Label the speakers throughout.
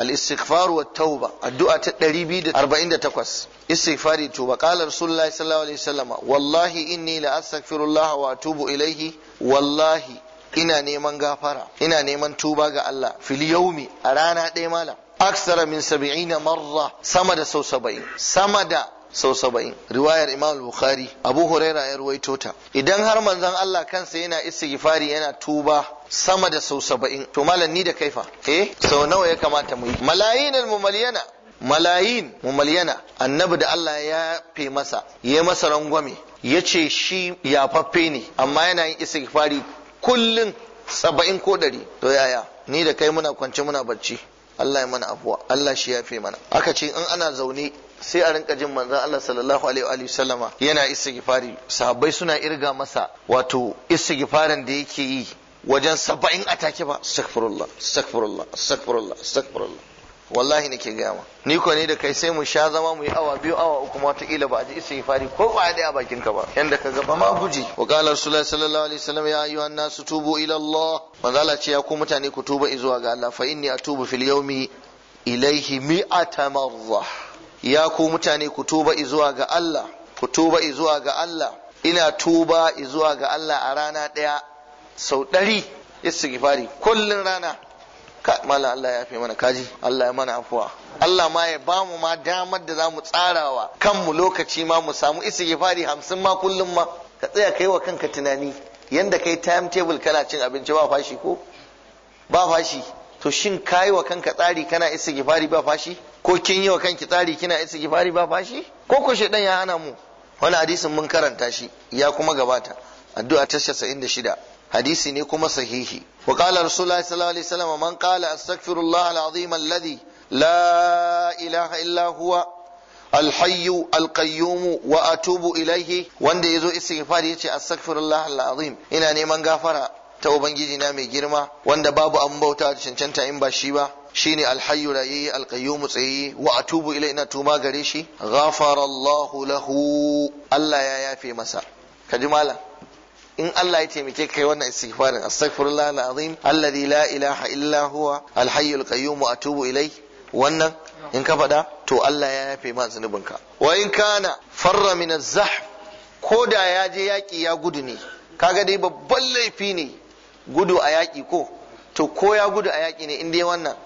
Speaker 1: الاستغفار والتوبة الدعاء تقريبي 48 استغفاري توبة قال رسول الله صلى الله عليه وسلم والله إني لأستغفر الله وأتوب إليه والله ina neman gafara ina neman tuba ga Allah fil yaumi a rana ɗaya malam aksara min sab'ina marra sama da sau saba'in sama da sau saba'in riwayar imam bukhari abu huraira ya ruwaito ta idan har manzon allah kansa yana istighfari yana tuba sama da sau saba'in to malam ni da kaifa eh sau nawa ya kamata mu yi malayin almumaliyana malayin mumaliyana annabi da allah ya fe masa ya masa rangwame ya ce shi yafaffe ne amma yana yin istighfari kullun saba'in ko ɗari to yaya ni da kai muna kwance muna barci Allah ya mana afuwa Allah shi ya fi mana aka ce in ana zaune sai a rinka jin manzon Allah sallallahu alaihi wa sallama yana istighfari sahabbai suna irga masa wato istighfarin da yake yi wajen saba'in a take ba astaghfirullah astaghfirullah astaghfirullah astaghfirullah wallahi nake gaya ma ni ko ne da kai sai mu sha zama mu yi awa biyu awa uku ma ta kila ba a ji istighfari ko ba a bakin ka ba yanda ka gaba ma guji wa qala rasulullahi sallallahu alaihi wasallam ya ayyuhan nasu tubu ila Allah manzala ce ya ku mutane ku tuba zuwa ga Allah fa inni atubu fil yawmi ilaihi mi'ata marrah ya ku mutane ku tuba izuwa ga Allah ku tuba izuwa ga Allah ina tuba izuwa ga Allah a rana ɗaya sau ɗari istighfari kullun rana ka mala Allah ya fi mana kaji Allah ya mana afuwa Allah ma ya ba mu ma damar da za mu tsarawa kanmu lokaci ma mu samu istighfari hamsin ma kullum ma ka tsaya kai wa kanka tunani yanda kai timetable kana cin abinci ba fashi ko ba fashi to shin kai wa kanka tsari kana istighfari ba fashi ko kin yi wa kanki tsari kina isa kifari ba bashi ko ko shedan ya hana mu wani hadisin mun karanta shi ya kuma gabata addu'a ta shida. hadisi ne kuma sahihi wa qala rasulullahi sallallahu alaihi wasallam man qala astaghfirullah alazim alladhi la ilaha illa huwa alhayyu alqayyum wa atubu wanda yazo istighfar yace astaghfirullah alazim ina neman gafara ta ubangiji na mai girma wanda babu an bauta da cancanta in ba shi ba shine alhayyu rayi alqayyum tsayi wa atubu ila ina tuma gare shi ghafarallahu lahu Allah ya yafe masa Ka ji malam in Allah ya taimake kai wannan istighfarin astaghfirullah alazim alladhi la ilaha illa huwa alhayyul qayyum wa atubu ilai wannan in ka faɗa to Allah ya yafe ma zunubinka wa in kana farra min ko da ya je yaƙi ya gudu ne kaga dai babban laifi ne gudu a yaƙi ko to ko ya gudu a yaƙi ne in dai wannan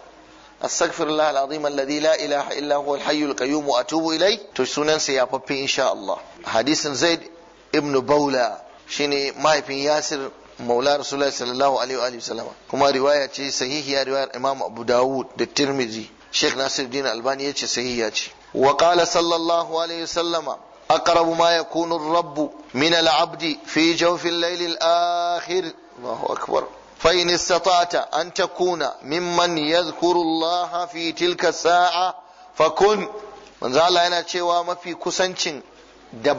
Speaker 1: astaghfirullah alazim alladhi la ilaha illa huwa alhayyul qayyum a tubu ilai to sunan sa yafaffe insha Allah hadisin Zaid ibn Bawla shine mahaifin Yasir maula rasulullahi sallallahu alaihi wa alihi sallama kuma riwaya ce sahihiya riwayar Imam Abu Dawud da Tirmizi, Tirmidhi Sheikh Nasiruddin Albani yace sahihiya ce wa qala sallallahu alaihi sallama أقرب ما يكون الرب من العبد في جوف الليل الآخر الله أكبر فإن استطعت an takuna mimman يذكر الله في تلك الساعة فكن yana cewa mafi kusancin da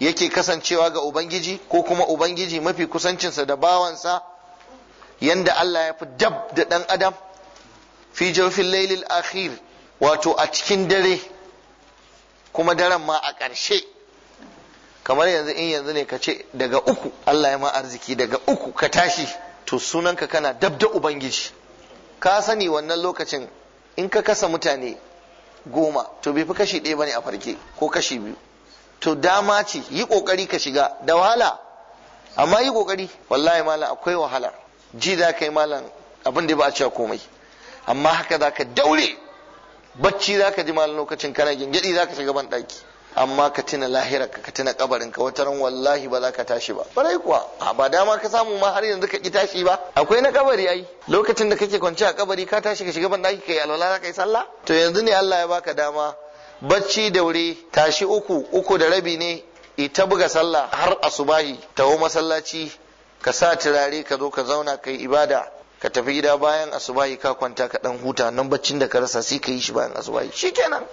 Speaker 1: yake kasancewa ga ubangiji ko kuma ubangiji mafi kusancinsa da bawansa yanda Allah ya fi dab da dan adam fi jawfil lailil akhir wato a cikin dare kuma daren ma a ƙarshe kamar yanzu in yanzu ne ka ce daga uku Allah ya ma arziki daga uku ka tashi to sunanka kana dabda ubangiji ka sani wannan lokacin in ka kasa mutane goma to bai fi kashi ɗaya bane a farke ko kashi biyu to dama ce yi ƙoƙari ka shiga da wahala amma yi ƙoƙari wallahi malam akwai wahala ji za ka yi malam abin da ba a cewa komai amma haka za ka daure bacci za ka ji malam lokacin kana gingidi za ka shiga ban ɗaki amma ka tuna lahirar ka tuna kabarin ka wataran wallahi ba za ka tashi ba barai kuwa a ba dama ka samu ma har yanzu ka ki tashi ba akwai na kabari ai lokacin da kake kwance a kabari ka tashi ka shiga banɗaki kai alwala za ka yi sallah to yanzu ne Allah ya baka dama bacci da wuri tashi uku uku da rabi ne ita buga sallah har asubahi taho masallaci ka sa turare ka zo ka zauna kai ibada ka tafi gida bayan asubahi ka kwanta ka dan huta nan baccin da ka rasa sai ka yi shi bayan asubahi shikenan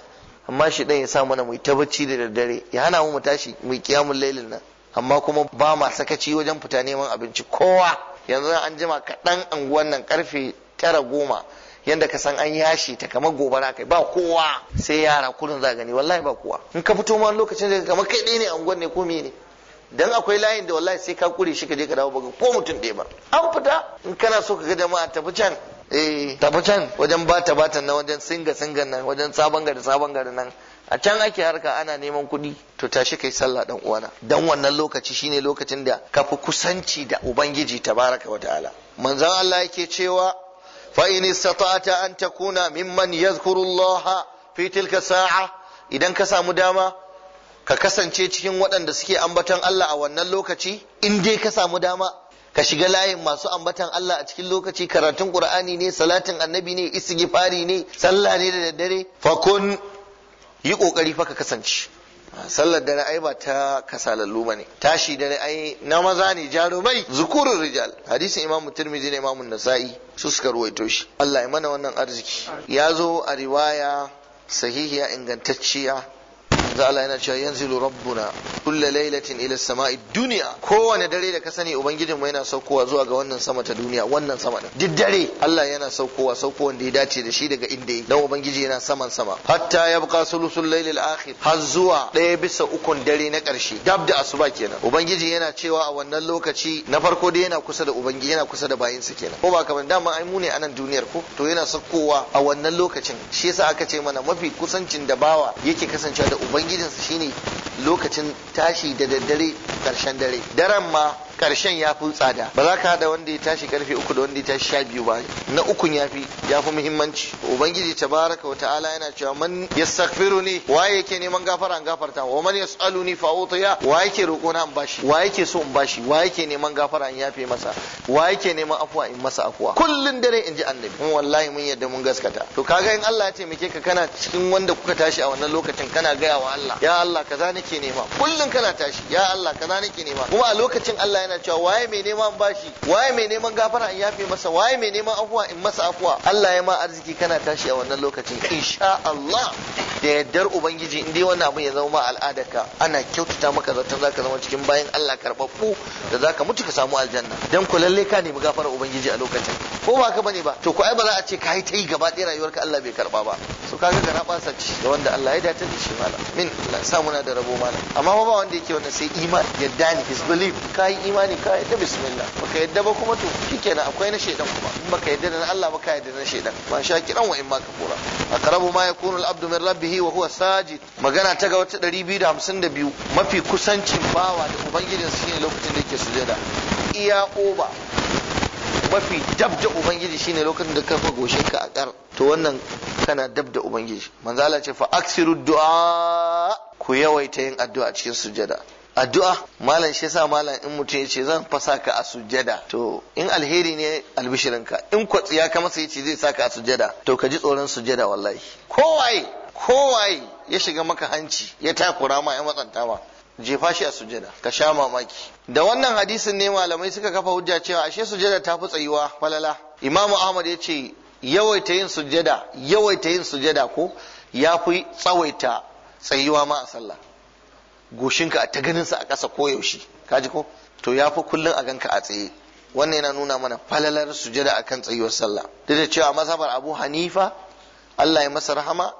Speaker 1: amma shi dan ya sa mana mai tabbaci da daddare ya hana mu tashi mai kiyamun lailin nan amma kuma ba ma sakaci wajen fita neman abinci kowa yanzu an jima kaɗan anguwan nan karfe tara goma yanda ka san an yashi ta kama gobara kai ba kowa sai yara kurin za gani wallahi ba kowa in ka fito ma lokacin da kama kai ɗaya ne anguwan ne ko ne dan akwai layin da wallahi sai ka kure shi ka je ka dawo ba ko mutum ɗaya ba an fita in kana so ka ga jama'a tafi can Eh. tafi can wajen bata bata na wajen singa singa nan wajen sabon gari sabon gari nan a can ake harka ana neman kuɗi to tashi kai sallah dan uwana dan wannan lokaci shine lokacin da ka fi kusanci da ubangiji tabaraka wa ta'ala manzon Allah yake cewa fa in istata'ta an takuna mimman yadhkuru fi tilka sa'a idan ka samu dama ka kasance cikin waɗanda suke ambaton Allah a wannan lokaci in dai ka samu dama ka shiga layin masu ambatan Allah a cikin lokaci karatun Qur'ani ne salatin annabi ne istighfari ne sallah ne da daddare fa kun yi kokari fa ka kasance ah, sallar dare ai ba ta kasalallu ne. tashi dare ai na maza ne jarumai zukurur rijal hadisin imamu Turmizi ne imamu nasa'i su suka ruwaito shi Allah ya mana wannan arziki ya zo a riwaya sahihiya ingantacciya ta'ala yana cewa yanzilu rabbuna kulla lailatin ila sama'i duniya kowane dare da ka sani ubangijin mu yana saukowa zuwa ga wannan sama ta duniya wannan sama din duk dare Allah yana saukowa saukowan da ya dace da shi daga inda yake dan ubangiji yana saman sama hatta yabqa sulusul lailil akhir har zuwa daya bisa ukun dare na karshe dab da asuba kenan ubangiji yana cewa a wannan lokaci na farko dai yana kusa da ubangiji yana kusa da bayinsa kenan ko ba kamar dama ai mu ne anan duniyar ko to yana saukowa a wannan lokacin shi yasa aka ce mana mafi kusancin da bawa yake kasancewa da ubangiji ubangijinsu shine lokacin tashi da daddare ƙarshen dare daren ma karshen ya fi tsada ba za ka hada wanda ya tashi karfe uku da wanda ya tashi sha biyu ba na ukun ya fi ya fi muhimmanci ubangiji tabaraka wa ta'ala yana cewa man ni. wa yake neman gafara an gafarta wa man yasaluni fa utiya wa yake roƙo na in bashi wa yake so in bashi wa yake neman gafara in yafe masa wa yake neman afuwa in masa afuwa kullun dare in ji annabi mun wallahi mun yadda mun gaskata to kaga in Allah ya taimake ka kana cikin wanda kuka tashi a wannan lokacin kana gaya wa Allah ya Allah kaza nake nema kullun kana tashi ya Allah kaza nake nema kuma a lokacin Allah yana cewa waye mai neman bashi waye mai neman gafara in yafi masa waye mai neman afuwa in masa afuwa Allah ya ma arziki kana tashi a wannan lokacin insha Allah da yardar ubangiji in dai wannan abin ya zama ma al'adarka ana kyautata maka zaton zaka zama cikin bayan Allah karbabbu da zaka mutu ka samu aljanna dan ku lalle ka nemi gafarar ubangiji a lokacin ko ba ka bane ba to ko ai ba za a ce ka yi ta yi gaba ɗaya rayuwarka Allah bai karba ba so kaga ga na ci da wanda Allah ya dace da shi mala min Allah sa muna da rabo mala amma ba wanda yake wannan sai imani yadda ni his belief kai imani ka yadda bismillah baka yadda ba kuma to shikenan akwai na shaidan kuma in baka yadda da na Allah baka yadda da na shaidan sha kiran wa in ma kura aqrabu ma yakunu al-abdu min rabbih wa huwa sajid magana ta ga wata 252 mafi kusancin bawa da ubangijin shi ne lokacin da yake sujada iya oba mafi dabda da ubangiji shine lokacin da ka goshe ka a kar to wannan kana dab da ubangiji manzala ce fa aksiru du'a ku yawaita yin addu'a cikin sujada addu'a malam shi yasa malam in mutum ya ce zan fasa ka a sujjada to in alheri ne albishirinka in kwatsiya ka masa ce zai saka a sujjada to ka ji tsoron sujjada wallahi kowaye kowaye ya shiga maka hanci ya takura ma ya matsanta ma jefa shi a sujjada ka sha mamaki da wannan hadisin ne malamai suka kafa hujja cewa ashe sujjada ta fi tsayuwa falala imamu ahmad ya ce yawaita yin sujjada yawaita yin sujjada ko ya fi tsawaita tsayuwa ma a sallah goshinka a ta ganin sa a ƙasa koyaushe kaji ko to ya fi kullum a ganka a tsaye wannan yana nuna mana falalar sujada a kan tsayuwar sallah duk da cewa mazhabar abu hanifa allah ya masa rahama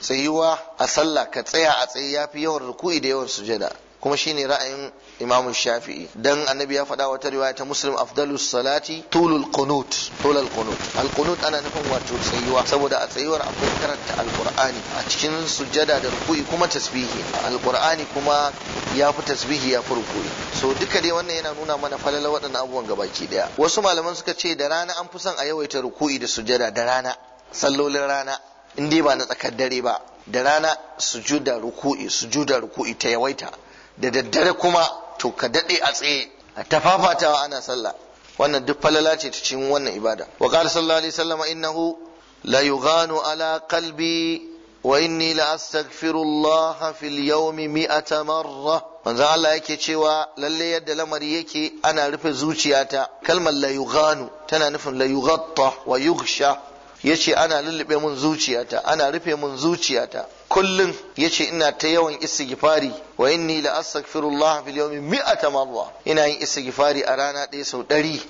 Speaker 1: tsayuwa a sallah ka tsaya a tsaye ya fi yawan ruku'i da yawan sujada kuma shine ra'ayin Imam Shafi'i dan Annabi ya faɗa wata riwaya ta Muslim afdalus salati tulul qunut tulul qunut al qunut ana nufin wato tsayuwa saboda a tsayuwar akwai karanta alqur'ani a cikin sujjada da ruku'i kuma tasbihi alqur'ani kuma ya fi tasbihi ya fi ruku'i so duka dai wannan yana nuna mana falala waɗannan abubuwan gabaki daya wasu malaman suka ce da rana an fi son a yawaita ruku'i da sujjada da rana sallolin rana in dai ba na tsakar dare ba da rana sujuda ruku'i sujuda ruku'i ta yawaita da daddare kuma to ka daɗe a tsaye a tafafatawa ana sallah wannan duk falala ce ta cikin wannan ibada wa qala sallallahu alaihi wasallam innahu la yughanu ala qalbi wa inni la astaghfirullah fil yaumi mi'ata marra manzo Allah yake cewa lalle yadda lamari yake ana rufe zuciyata kalmar la yughanu tana nufin la yughatta wa yughsha Ya ce ana lullube mun zuciyata ana rufe mun zuciyata kullum ya ce ina ta yawan istighfari wa inni la astaghfirullah fil yawmi mi'ata marra ina yin istighfari a rana ɗaya sau ɗari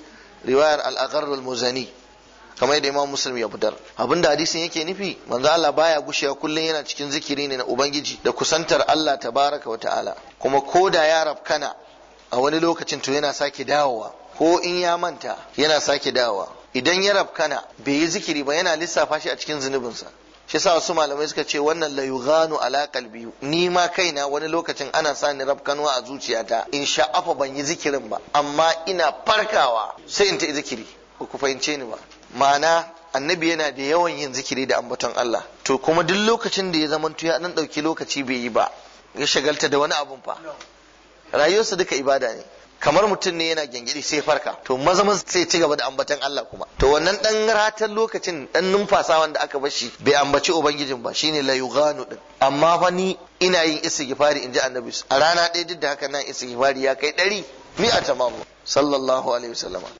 Speaker 1: riwayar al-agharr al-muzani kamar yadda imam muslim ya fitar da hadisin yake nufi manzo Allah baya gushewa kullum yana cikin zikiri ne na ubangiji da kusantar Allah tabaraka wa ta'ala kuma ko da ya rafkana a wani lokacin to yana sake dawowa ko in ya manta yana sake dawowa idan ya rabkana bai yi zikiri ba yana lissafa shi a cikin zunubinsa shi sa wasu malamai suka ce wannan la yughanu ala qalbi ni ma kaina wani lokacin ana sa ni rabkanuwa a zuciyata in sha'afa ban yi zikirin ba amma ina farkawa sai in ta yi zikiri ba ku fahimce ni ba ma'ana annabi yana da yawan yin zikiri da ambaton Allah to kuma duk lokacin da ya zamanto ya dan ɗauki lokaci bai yi ba ya shagalta da wani abun fa rayuwarsa duka ibada ne kamar mutum ne yana gyangyaɗi sai farka to maza maza sai ci gaba da ambatan Allah kuma to wannan dan ratan lokacin dan numfasa wanda aka bar shi bai ambaci ubangijin ba shine la yughanu din amma fa ni ina yin istighfari inji annabi a rana ɗaya duk da haka nan istighfari ya kai ɗari a tamamu sallallahu alaihi wasallam